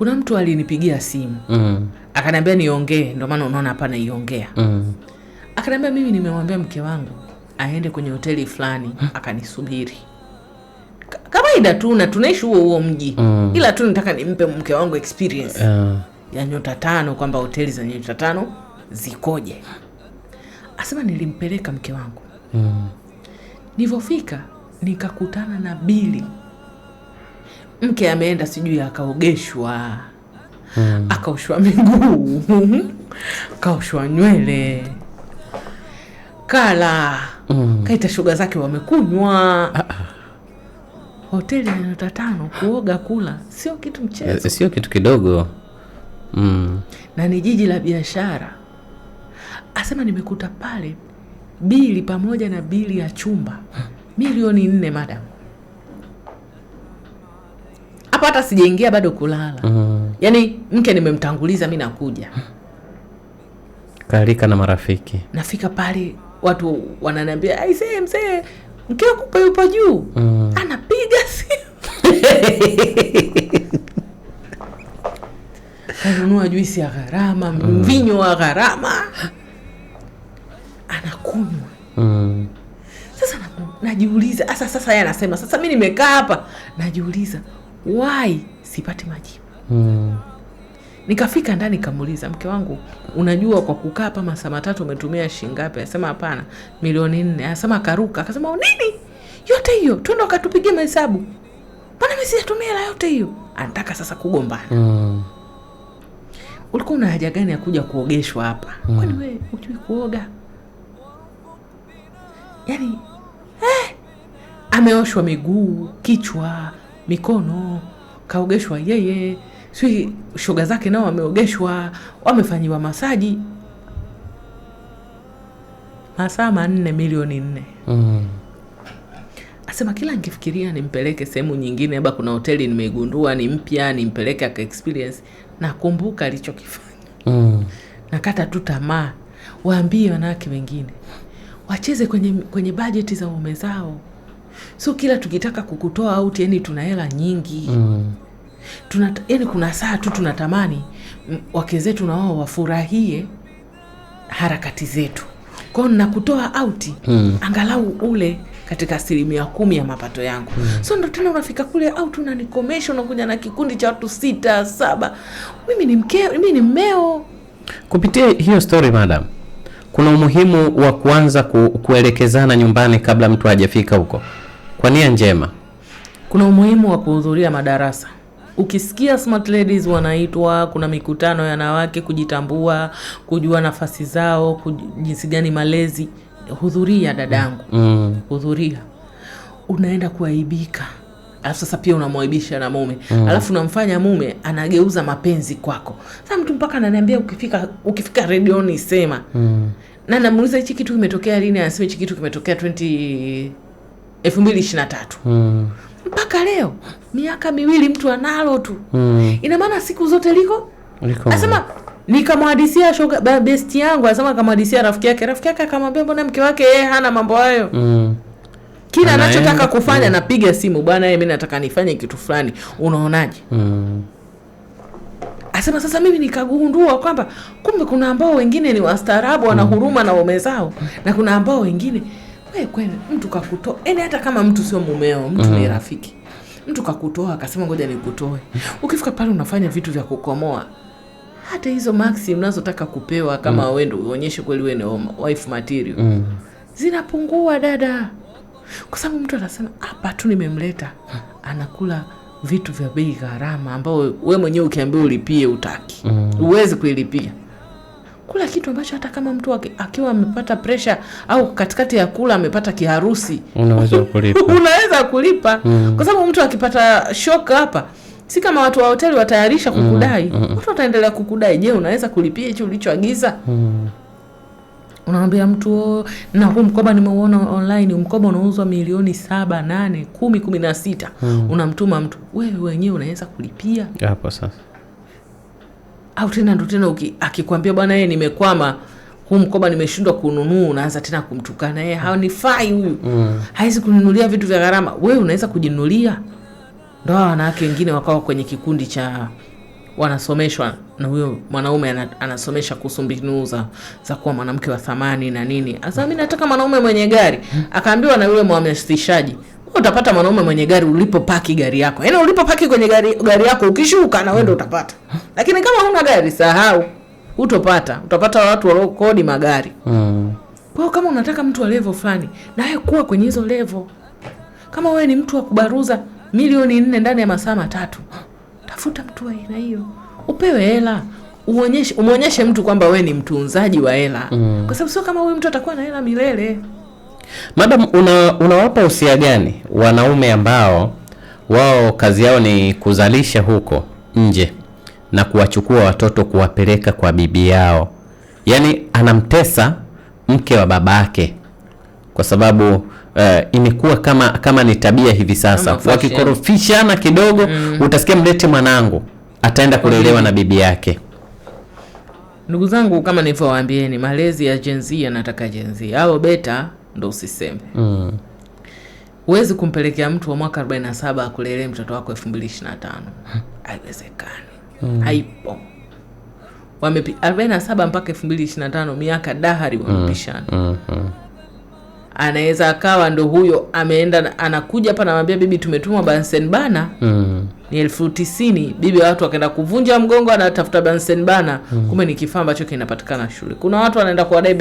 kuna mtu alinipigia simu mm. akaniambia niongee, ndio maana unaona hapa naiongea mm. akaniambia mimi nimemwambia mke wangu aende kwenye hoteli fulani akanisubiri kawaida tu na tunaishi huo huo mji mm. ila tu nataka nimpe mke wangu experience yeah. ya nyota tano kwamba hoteli za nyota tano zikoje. Asema nilimpeleka mke wangu mm. Nilivyofika nikakutana na bili mke ameenda sijui akaogeshwa hmm. akaoshwa miguu kaoshwa nywele kala mm. kaita shuga zake wamekunywa ah, ah. hoteli ya nyota tano kuoga kula sio kitu mchezo eh, sio kitu kidogo mm. na ni jiji la biashara asema nimekuta pale bili pamoja na bili ya chumba milioni nne madam hapo hata sijaingia bado kulala mm. Yaani mke nimemtanguliza mi nakuja kalika na marafiki, nafika pale watu wananiambia aisee, mzee mke wako yupo juu mm. anapiga simu kanunua juisi ya gharama, mhm. mvinyo wa gharama anakunywa mm. Sasa najiuliza, sasa sasa yeye anasema, sasa mi nimekaa hapa najiuliza why sipati majibu mm. Nikafika ndani kamuliza mke wangu, unajua kwa kukaa hapa masaa matatu umetumia shingapi asema hapana, milioni nne. asema karuka akasema, oh, nini yote hiyo, twende ukatupigie mahesabu, mbona mimi hela yote hiyo? Anataka sasa kugombana mm. Ulikuwa una haja gani ya kuja kuogeshwa hapa mm. Kwani we ujui kuoga yani, eh, ameoshwa miguu, kichwa, mikono kaogeshwa yeye, si shoga zake nao wameogeshwa, wamefanyiwa masaji masaa manne milioni nne. mm. Asema kila nkifikiria nimpeleke sehemu nyingine, labda kuna hoteli nimeigundua ni mpya, nimpeleke aka experience, nakumbuka alichokifanya. mm. Nakata tu tamaa, waambie wanawake wengine wacheze kwenye, kwenye bajeti za uume zao so kila tukitaka kukutoa out yani tuna hela nyingi mm. tuna, yani kuna saa tu tunatamani mm, wake zetu na wao wafurahie harakati zetu kwao nakutoa auti mm. angalau ule katika asilimia kumi ya mapato yangu mm. so ndo tena unafika kule au tunanikomesha unakuja na kikundi cha watu sita saba mimi ni mke mimi ni mmeo kupitia hiyo story madam kuna umuhimu wa kuanza ku, kuelekezana nyumbani kabla mtu hajafika huko kwa nia njema, kuna umuhimu wa kuhudhuria madarasa. Ukisikia smart ladies wanaitwa, kuna mikutano ya wanawake kujitambua, kujua nafasi zao, jinsi gani malezi. Hudhuria dadangu, mm, mm. Hudhuria, unaenda kuaibika alafu sasa pia unamwaibisha na mume mm. Alafu unamfanya mume anageuza mapenzi kwako. Sasa mtu mpaka ananiambia ukifika ukifika redioni sema mm. Na namuuliza hichi kitu kimetokea lini? Anasema hichi kitu kimetokea elfu mbili ishirini na tatu mm. mpaka leo miaka miwili mtu analo tu mm. ina maana siku zote liko nasema nikamwhadisia shoga besti yangu asema akamhadisia rafiki yake rafiki yake akamwambia mbona mke wake yeye hana mambo hayo mm. kila anachotaka kufanya mm. napiga simu bwana yeye mi nataka nifanye kitu fulani unaonaje mm. asema sasa mimi nikagundua kwamba kumbe kuna ambao wengine ni wastaarabu wana hmm. huruma mm. na waume zao na kuna ambao wengine wewe mtu kakutoa, yani hata kama mtu sio mumeo, mtu mm. ni mm-hmm. rafiki, mtu kakutoa akasema ngoja nikutoe. Ukifika pale unafanya vitu vya kukomoa, hata hizo maxi unazotaka kupewa kama mm. wewe uonyeshe kweli wewe ni wife material mm. zinapungua dada, kwa sababu mtu anasema hapa tu nimemleta, anakula vitu vya bei gharama, ambao wewe mwenyewe ukiambiwa ulipie utaki, mm. uwezi kuilipia kula kitu ambacho hata kama mtu akiwa amepata presha au katikati ya kula amepata kiharusi unaweza kulipa, unaweza kulipa. Mm. Kwa sababu mtu akipata shock hapa si kama watu wa hoteli watayarisha mm, kukudai. Mm. Mm. Watu wataendelea kukudai, je, unaweza kulipia hicho ulichoagiza? Mm. Unawambia mtu oh, na huu mkoba nimeuona online, mkoba unauzwa milioni saba, nane, kumi, kumi na sita. Mm. Unamtuma mtu, wewe wenyewe unaweza kulipia hapo sasa au tena ndo tena akikwambia bwana, yeye nimekwama huu mkoba nimeshindwa kununua, unaanza tena kumtukana yeye, hanifai huyu mm. hawezi kununulia vitu vya gharama. Wewe unaweza kujinunulia. Ndo wanawake wengine wakawa kwenye kikundi cha wanasomeshwa na huyo mwanaume anasomesha kuhusu mbinu za, za kuwa mwanamke wa thamani na nini. asa mi nataka mwanaume mwenye gari, mm. akaambiwa na yule mhamasishaji utapata mwanaume mwenye gari ulipopaki gari yako, yaani ulipopaki kwenye gari, gari yako ukishuka na wewe ndio utapata. Lakini kama huna gari sahau, utopata. Utapata watu waliokodi magari mm. Kwa hiyo kama unataka mtu wa level fulani, naye kuwa kwenye hizo level. Kama wewe ni mtu wa kubaruza milioni nne ndani ya masaa matatu, tafuta mtu wa aina hiyo, upewe hela uonyeshe, umwonyeshe mtu kwamba we ni mtunzaji wa hela mm. Kwa sababu sio kama huyu mtu atakuwa na hela milele. Madam, una unawapa usia gani wanaume ambao wao kazi yao ni kuzalisha huko nje na kuwachukua watoto kuwapeleka kwa bibi yao, yaani anamtesa mke wa babake kwa sababu uh, imekuwa kama kama ni tabia hivi sasa, wakikorofishana kidogo mm. Utasikia mlete mwanangu, ataenda kulelewa na bibi yake. Ndugu zangu, kama nilivyowaambieni, malezi ya jenzi yanataka jenzi au beta ndo usiseme mm. huwezi mm. kumpelekea mtu wa mwaka 47 akulelee mtoto wako 225 haiwezekani. mm. Haipo. Wamepi 47 mpaka 225 miaka dahari wamepishana. mm. mm-hmm. Anaweza akawa ndo huyo ameenda anakuja hapa namwambia bibi, tumetumwa bansen bana mm. ni elfu tisini bibi, watu wakaenda kuvunja mgongo, anatafuta bansen bana mm. kumbe ni kifaa ambacho kinapatikana shule. Kuna watu wanaenda kuwadai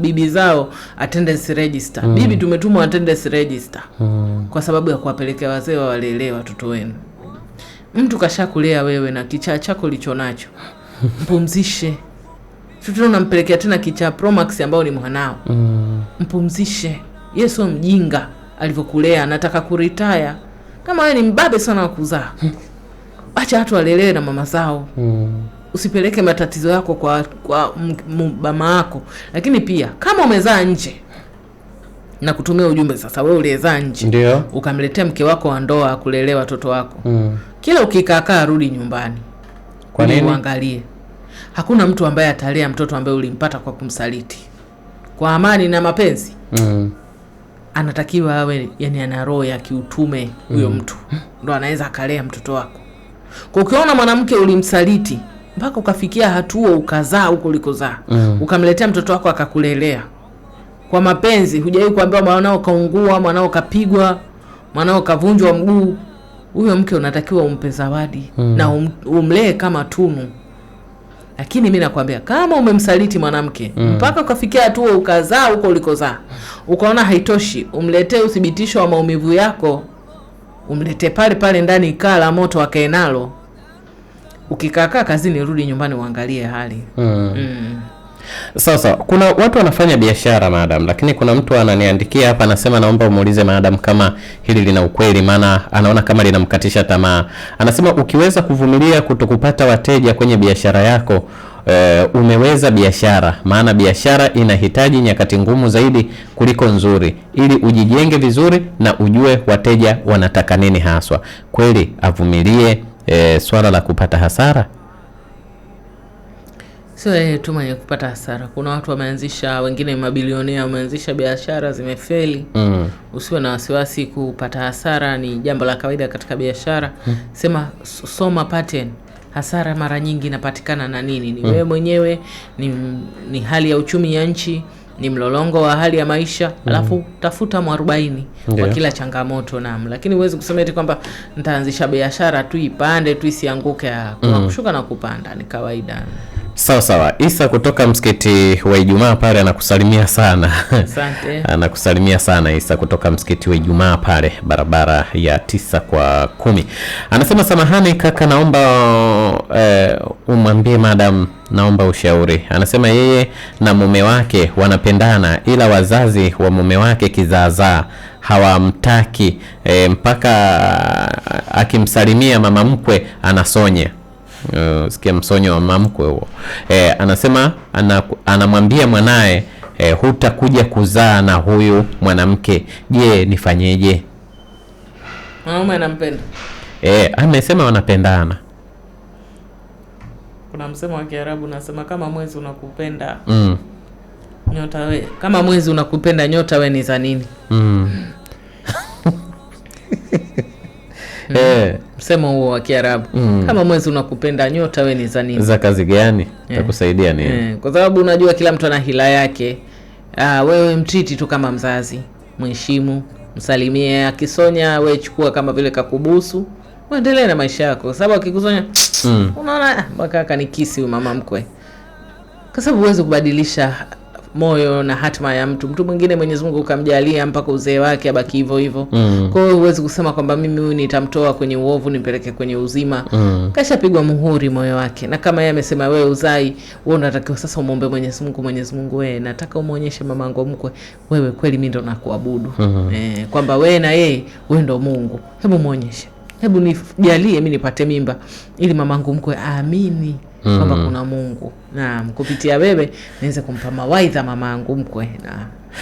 bibi zao attendance register. Mm. Bibi, tumetumwa attendance register mm. kwa sababu ya kuwapelekea wazee wawalelee watoto wenu. Mtu kashakulea wewe na kichaa chako licho nacho, mpumzishe. tutu unampelekea tena kichaa Promax ambao ni mwanao mm. mpumzishe. Yesu mjinga alivyokulea, nataka kuritaya. Kama wewe ni mbabe sana wa kuzaa, acha watu walelewe na mama zao mm usipeleke matatizo yako kwa, kwa mama yako. Lakini pia kama umezaa nje na kutumia ujumbe sasa, wewe uliyezaa nje ndio ukamletea mke wako wa ndoa kulelea watoto wako mm. Kila ukikaakaa rudi nyumbani, kwa nini uangalie? Hakuna mtu ambaye atalea mtoto ambaye ulimpata kwa kumsaliti kwa amani na mapenzi mm. Anatakiwa awe yani, ana roho ya kiutume huyo mm. Mtu ndo anaweza akalea mtoto wako. Kwa ukiona mwanamke ulimsaliti mpaka ukafikia hatua ukazaa huko ulikozaa mm. ukamletea mtoto wako akakulelea kwa mapenzi. Hujawahi kuambiwa mwanao kaungua, mwanao kapigwa, mwanao kavunjwa mguu. Huyo mke unatakiwa umpe zawadi mm. na um, umlee kama tunu. Lakini mi nakwambia kama umemsaliti mwanamke mm. mpaka ukafikia hatua ukazaa huko ulikozaa, ukaona haitoshi, umletee uthibitisho wa maumivu yako, umletee pale pale ndani ikaa la moto akae nalo ukikaakaa kazini, rudi nyumbani uangalie hali mm. Mm. Sasa kuna watu wanafanya biashara madam lakini kuna mtu ananiandikia hapa anasema, naomba umuulize madam kama hili lina ukweli, maana anaona kama linamkatisha tamaa. Anasema ukiweza kuvumilia kutokupata wateja kwenye biashara yako Uh, umeweza biashara, maana biashara inahitaji nyakati ngumu zaidi kuliko nzuri, ili ujijenge vizuri na ujue wateja wanataka nini haswa. Kweli avumilie e, swala la kupata hasara sio yeye eh, tu mwenye kupata hasara. Kuna watu wameanzisha, wengine mabilionea wameanzisha biashara zimefeli. mm. Usiwe na wasiwasi, kupata hasara ni jambo la kawaida katika biashara. mm. Sema soma pattern. Hasara mara nyingi inapatikana na nini? Ni mm. wewe mwenyewe, ni, ni hali ya uchumi ya nchi ni mlolongo wa hali ya maisha mm Alafu tafuta mwarobaini yeah. Kwa kila changamoto nam, lakini huwezi kusema eti kwamba nitaanzisha biashara tu ipande tu isianguke. Kuna mm kushuka na kupanda, ni kawaida. Sawa sawa. Isa kutoka msikiti wa Ijumaa pale anakusalimia sana. Asante. anakusalimia sana Isa kutoka msikiti wa Ijumaa pale barabara ya tisa kwa kumi. Anasema samahani kaka, naomba eh, umwambie madam naomba ushauri. Anasema yeye na mume wake wanapendana, ila wazazi wa mume wake kizaazaa hawamtaki e, mpaka eh, akimsalimia mama mkwe anasonya. Uh, sikia msonyo wa mamkwe huo. E, anasema anamwambia mwanaye e, eh, hutakuja kuzaa na huyu mwanamke, je, nifanyeje? Mwanaume anampenda eh, amesema wanapendana. Kuna msemo wa Kiarabu unasema kama mwezi unakupenda mm. nyota we, kama mwezi unakupenda nyota we ni za nini? mm. msemo eh. huo wa Kiarabu mm. kama mwezi unakupenda nyota, we ni za nini, za kazi gani? Eh. takusaidia nini? yeah. kwa sababu unajua kila mtu ana hila yake. Ah, wewe mtriti tu kama mzazi, mwheshimu msalimie. Akisonya we chukua kama vile kakubusu, uendelee na maisha yako, kwa sababu akikusonya mm. unaona ah, mpaka akanikisi huyu mama mkwe, kwa sababu huwezi kubadilisha moyo na hatima ya mtu. Mtu mwingine Mwenyezi Mungu ukamjalia mpaka uzee wake abaki hivyo hivyo. Mm. Kwa hiyo huwezi kusema kwamba mimi huyu nitamtoa kwenye uovu nimpeleke kwenye uzima. Mm. Kashapigwa muhuri moyo wake. Na kama yeye amesema wewe uzai, wewe unatakiwa sasa umombe Mwenyezi Mungu, Mwenyezi Mungu wewe nataka umuonyeshe mamangu mkwe wewe kweli mimi ndo nakuabudu. Mm. e, kwamba wewe na yeye wewe ndo Mungu. Hebu muonyeshe. Hebu nijalie mimi nipate mimba ili mamangu mkwe aamini mm. kwamba kuna Mungu na kupitia wewe naweza kumpa mawaidha mamangu mkwe na